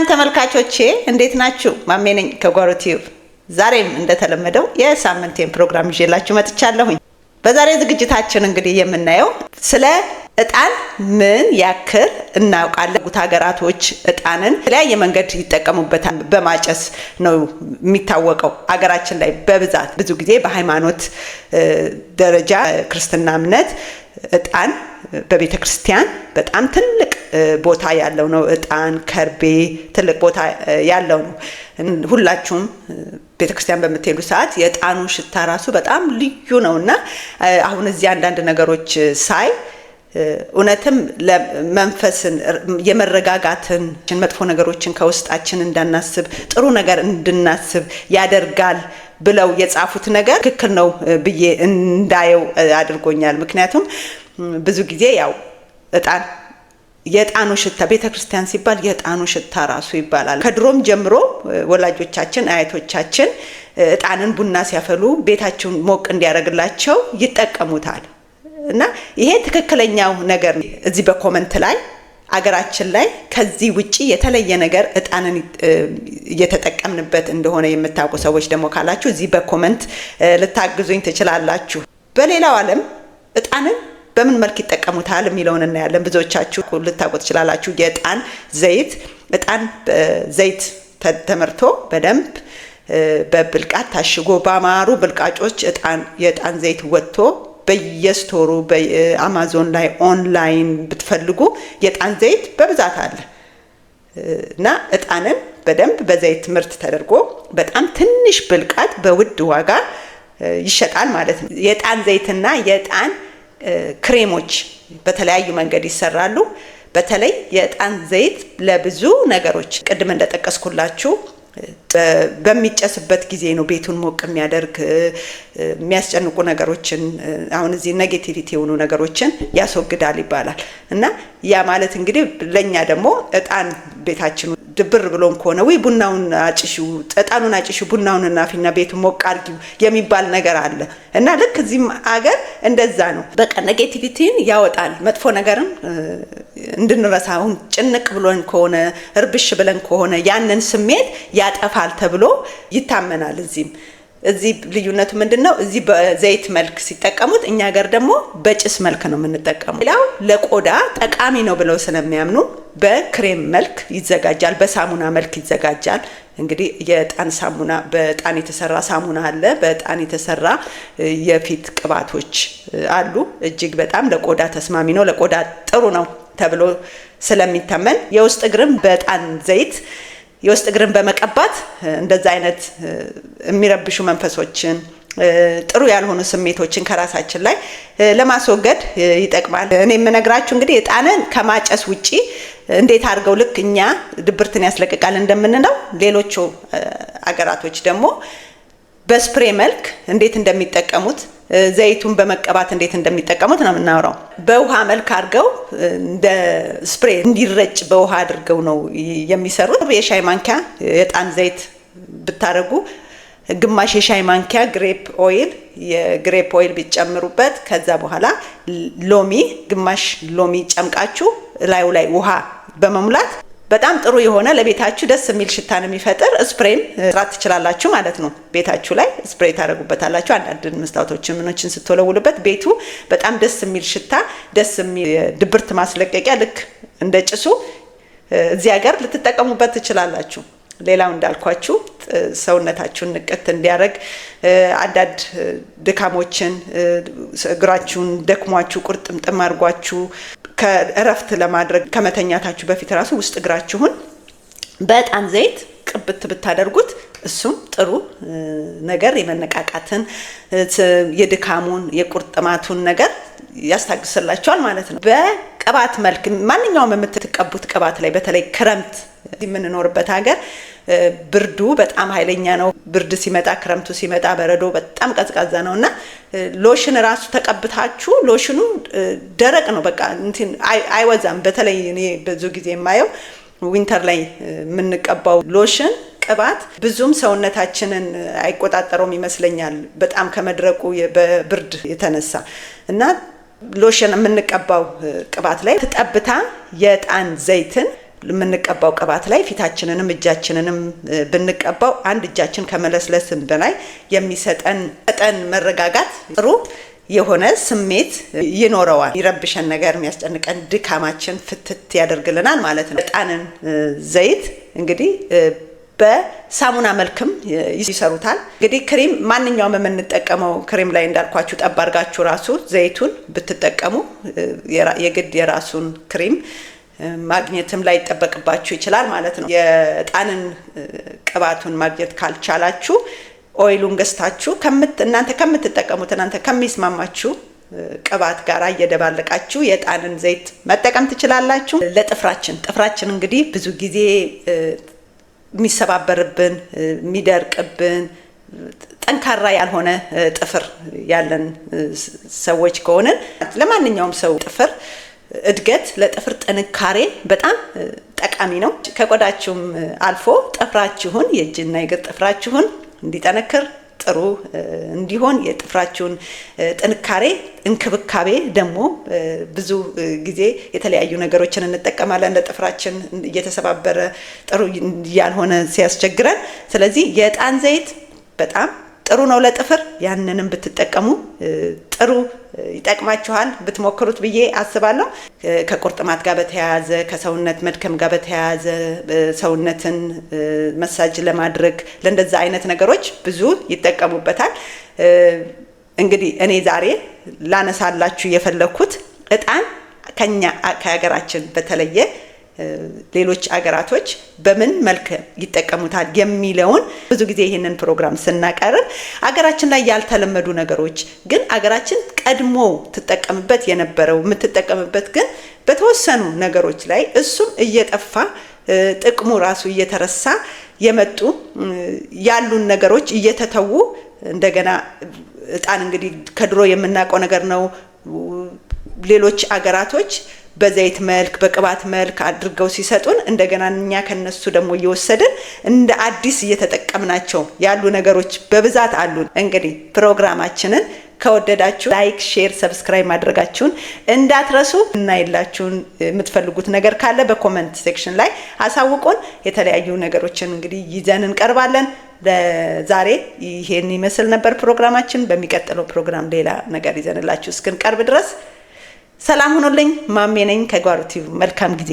ሰላም ተመልካቾቼ እንዴት ናችሁ? ማሜ ነኝ ከጓሮ ቲዩብ። ዛሬም እንደተለመደው የሳምንቴን ፕሮግራም ይዤላችሁ መጥቻለሁኝ። በዛሬ ዝግጅታችን እንግዲህ የምናየው ስለ እጣን ምን ያክል እናውቃለን፣ ሀገራቶች እጣንን የተለያየ መንገድ ይጠቀሙበታል። በማጨስ ነው የሚታወቀው አገራችን ላይ በብዛት ብዙ ጊዜ በሃይማኖት ደረጃ ክርስትና እምነት እጣን በቤተ ክርስቲያን በጣም ትልቅ ቦታ ያለው ነው። እጣን ከርቤ ትልቅ ቦታ ያለው ነው። ሁላችሁም ቤተ ክርስቲያን በምትሄዱ ሰዓት የእጣኑ ሽታ ራሱ በጣም ልዩ ነው እና አሁን እዚህ አንዳንድ ነገሮች ሳይ እውነትም ለመንፈስን የመረጋጋትን መጥፎ ነገሮችን ከውስጣችን እንዳናስብ ጥሩ ነገር እንድናስብ ያደርጋል ብለው የጻፉት ነገር ትክክል ነው ብዬ እንዳየው አድርጎኛል። ምክንያቱም ብዙ ጊዜ ያው እጣን የእጣኑ ሽታ ቤተ ክርስቲያን ሲባል የእጣኑ ሽታ ራሱ ይባላል። ከድሮም ጀምሮ ወላጆቻችን አያቶቻችን እጣንን ቡና ሲያፈሉ ቤታቸውን ሞቅ እንዲያደርግላቸው ይጠቀሙታል እና ይሄ ትክክለኛው ነገር እዚህ በኮመንት ላይ አገራችን ላይ ከዚህ ውጪ የተለየ ነገር እጣንን እየተጠቀምንበት እንደሆነ የምታውቁ ሰዎች ደግሞ ካላችሁ እዚህ በኮመንት ልታግዙኝ ትችላላችሁ። በሌላው ዓለም እጣንን በምን መልክ ይጠቀሙታል የሚለውን እናያለን። ብዙዎቻችሁ ልታውቁ ትችላላችሁ። የእጣን ዘይት እጣን ዘይት ተመርቶ በደንብ በብልቃት ታሽጎ ባማሩ ብልቃጮች የእጣን ዘይት ወጥቶ በየስቶሩ በአማዞን ላይ ኦንላይን ብትፈልጉ የእጣን ዘይት በብዛት አለ እና እጣንን በደንብ በዘይት ምርት ተደርጎ በጣም ትንሽ ብልቃት በውድ ዋጋ ይሸጣል ማለት ነው። የእጣን ዘይትና የእጣን ክሬሞች በተለያዩ መንገድ ይሰራሉ። በተለይ የእጣን ዘይት ለብዙ ነገሮች ቅድም እንደጠቀስኩላችሁ በሚጨስበት ጊዜ ነው ቤቱን ሞቅ የሚያደርግ የሚያስጨንቁ ነገሮችን አሁን እዚህ ኔጌቲቪቲ የሆኑ ነገሮችን ያስወግዳል ይባላል እና ያ ማለት እንግዲህ ለእኛ ደግሞ እጣን ቤታችን ድብር ብሎን ከሆነ ወይ ቡናውን አጭሺው፣ ጠጣኑን አጭሺው፣ ቡናውን እናፊና ቤቱ ሞቅ አድርጊው የሚባል ነገር አለ እና ልክ እዚህም አገር እንደዛ ነው። በቃ ኔጌቲቪቲን ያወጣል። መጥፎ ነገርን እንድንረሳ አሁን ጭንቅ ብሎን ከሆነ እርብሽ ብለን ከሆነ ያንን ስሜት ያጠፋል ተብሎ ይታመናል እዚህም እዚህ ልዩነቱ ምንድን ነው? እዚህ በዘይት መልክ ሲጠቀሙት እኛ ሀገር ደግሞ በጭስ መልክ ነው የምንጠቀሙ። ሌላው ለቆዳ ጠቃሚ ነው ብለው ስለሚያምኑ በክሬም መልክ ይዘጋጃል፣ በሳሙና መልክ ይዘጋጃል። እንግዲህ የጣን ሳሙና በጣን የተሰራ ሳሙና አለ። በጣን የተሰራ የፊት ቅባቶች አሉ። እጅግ በጣም ለቆዳ ተስማሚ ነው፣ ለቆዳ ጥሩ ነው ተብሎ ስለሚታመን የውስጥ እግርም በጣን ዘይት የውስጥ እግርን በመቀባት እንደዛ አይነት የሚረብሹ መንፈሶችን ጥሩ ያልሆኑ ስሜቶችን ከራሳችን ላይ ለማስወገድ ይጠቅማል። እኔ የምነግራችሁ እንግዲህ እጣንን ከማጨስ ውጪ እንዴት አድርገው ልክ እኛ ድብርትን ያስለቅቃል እንደምንለው ሌሎቹ አገራቶች ደግሞ በስፕሬ መልክ እንዴት እንደሚጠቀሙት ዘይቱን በመቀባት እንዴት እንደሚጠቀሙት ነው የምናወራው። በውሃ መልክ አድርገው እንደ ስፕሬ እንዲረጭ በውሃ አድርገው ነው የሚሰሩት። የሻይ ማንኪያ የጣን ዘይት ብታደርጉ ግማሽ የሻይ ማንኪያ ግሬፕ ኦይል የግሬፕ ኦይል ቢጨምሩበት ከዛ በኋላ ሎሚ ግማሽ ሎሚ ጨምቃችሁ ላዩ ላይ ውሃ በመሙላት በጣም ጥሩ የሆነ ለቤታችሁ ደስ የሚል ሽታን የሚፈጥር ስፕሬም ስራት ትችላላችሁ ማለት ነው። ቤታችሁ ላይ ስፕሬ ታደረጉበታላችሁ። አንዳንድ መስታወቶችን ምኖችን ስትወለውሉበት ቤቱ በጣም ደስ የሚል ሽታ፣ ደስ የሚል ድብርት ማስለቀቂያ ልክ እንደ ጭሱ እዚህ ሀገር ልትጠቀሙበት ትችላላችሁ። ሌላው እንዳልኳችሁ ሰውነታችሁን ንቅት እንዲያደርግ አዳድ ድካሞችን እግራችሁን ደክሟችሁ ቁርጥምጥም አድርጓችሁ ከእረፍት ለማድረግ ከመተኛታችሁ በፊት ራሱ ውስጥ እግራችሁን በጣም ዘይት ቅብት ብታደርጉት እሱም ጥሩ ነገር የመነቃቃትን የድካሙን የቁርጥማቱን ነገር ያስታግስላቸዋል ማለት ነው። በቅባት መልክ ማንኛውም የምትቀቡት ቅባት ላይ በተለይ ክረምት የምንኖርበት ሀገር ብርዱ በጣም ኃይለኛ ነው። ብርድ ሲመጣ ክረምቱ ሲመጣ በረዶ በጣም ቀዝቃዛ ነው እና ሎሽን እራሱ ተቀብታችሁ ሎሽኑ ደረቅ ነው፣ በቃ አይወዛም። በተለይ እኔ ብዙ ጊዜ የማየው ዊንተር ላይ የምንቀባው ሎሽን ቅባት ብዙም ሰውነታችንን አይቆጣጠረውም ይመስለኛል፣ በጣም ከመድረቁ በብርድ የተነሳ እና ሎሽን የምንቀባው ቅባት ላይ ጠብታ የጣን ዘይትን የምንቀባው ቅባት ላይ ፊታችንንም እጃችንንም ብንቀባው አንድ እጃችን ከመለስለስም በላይ የሚሰጠን ጠጠን መረጋጋት ጥሩ የሆነ ስሜት ይኖረዋል። ይረብሸን ነገር፣ የሚያስጨንቀን ድካማችን ፍትት ያደርግልናል ማለት ነው። ዕጣንን ዘይት እንግዲህ በሳሙና መልክም ይሰሩታል። እንግዲህ ክሬም ማንኛውም የምንጠቀመው ክሬም ላይ እንዳልኳችሁ ጠብ አድርጋችሁ ራሱ ዘይቱን ብትጠቀሙ የግድ የራሱን ክሬም ማግኘትም ላይ ይጠበቅባችሁ ይችላል ማለት ነው። የጣንን ቅባቱን ማግኘት ካልቻላችሁ ኦይሉን ገዝታችሁ እናንተ ከምትጠቀሙት እናንተ ከሚስማማችሁ ቅባት ጋር እየደባለቃችሁ የጣንን ዘይት መጠቀም ትችላላችሁ። ለጥፍራችን ጥፍራችን እንግዲህ ብዙ ጊዜ የሚሰባበርብን የሚደርቅብን ጠንካራ ያልሆነ ጥፍር ያለን ሰዎች ከሆንን ለማንኛውም ሰው ጥፍር እድገት ለጥፍር ጥንካሬ በጣም ጠቃሚ ነው። ከቆዳችሁም አልፎ ጥፍራችሁን የእጅና የእግር ጥፍራችሁን እንዲጠነክር ጥሩ እንዲሆን የጥፍራችሁን ጥንካሬ እንክብካቤ ደግሞ ብዙ ጊዜ የተለያዩ ነገሮችን እንጠቀማለን ለጥፍራችን እየተሰባበረ ጥሩ ያልሆነ ሲያስቸግረን። ስለዚህ የዕጣን ዘይት በጣም ጥሩ ነው ለጥፍር። ያንንም ብትጠቀሙ ጥሩ ይጠቅማችኋል ብትሞክሩት ብዬ አስባለሁ። ከቁርጥማት ጋር በተያያዘ ከሰውነት መድከም ጋር በተያያዘ ሰውነትን መሳጅ ለማድረግ ለእንደዛ አይነት ነገሮች ብዙ ይጠቀሙበታል። እንግዲህ እኔ ዛሬ ላነሳላችሁ የፈለግኩት እጣን ከኛ ከሀገራችን በተለየ ሌሎች አገራቶች በምን መልክ ይጠቀሙታል የሚለውን ብዙ ጊዜ ይህንን ፕሮግራም ስናቀርብ አገራችን ላይ ያልተለመዱ ነገሮች ግን አገራችን ቀድሞ ትጠቀምበት የነበረው የምትጠቀምበት ግን በተወሰኑ ነገሮች ላይ እሱም እየጠፋ ጥቅሙ ራሱ እየተረሳ የመጡ ያሉን ነገሮች እየተተዉ እንደገና እጣን እንግዲህ ከድሮ የምናውቀው ነገር ነው። ሌሎች አገራቶች በዘይት መልክ በቅባት መልክ አድርገው ሲሰጡን እንደገና እኛ ከነሱ ደግሞ እየወሰድን እንደ አዲስ እየተጠቀምናቸው ያሉ ነገሮች በብዛት አሉ። እንግዲህ ፕሮግራማችንን ከወደዳችሁ ላይክ፣ ሼር፣ ሰብስክራይብ ማድረጋችሁን እንዳትረሱ እና የላችሁን የምትፈልጉት ነገር ካለ በኮመንት ሴክሽን ላይ አሳውቁን። የተለያዩ ነገሮችን እንግዲህ ይዘን እንቀርባለን። ለዛሬ ይሄን ይመስል ነበር ፕሮግራማችን። በሚቀጥለው ፕሮግራም ሌላ ነገር ይዘንላችሁ እስክንቀርብ ድረስ ሰላም ሁኑልኝ። ማሜ ነኝ ከጓሩ ቲቪ። መልካም ጊዜ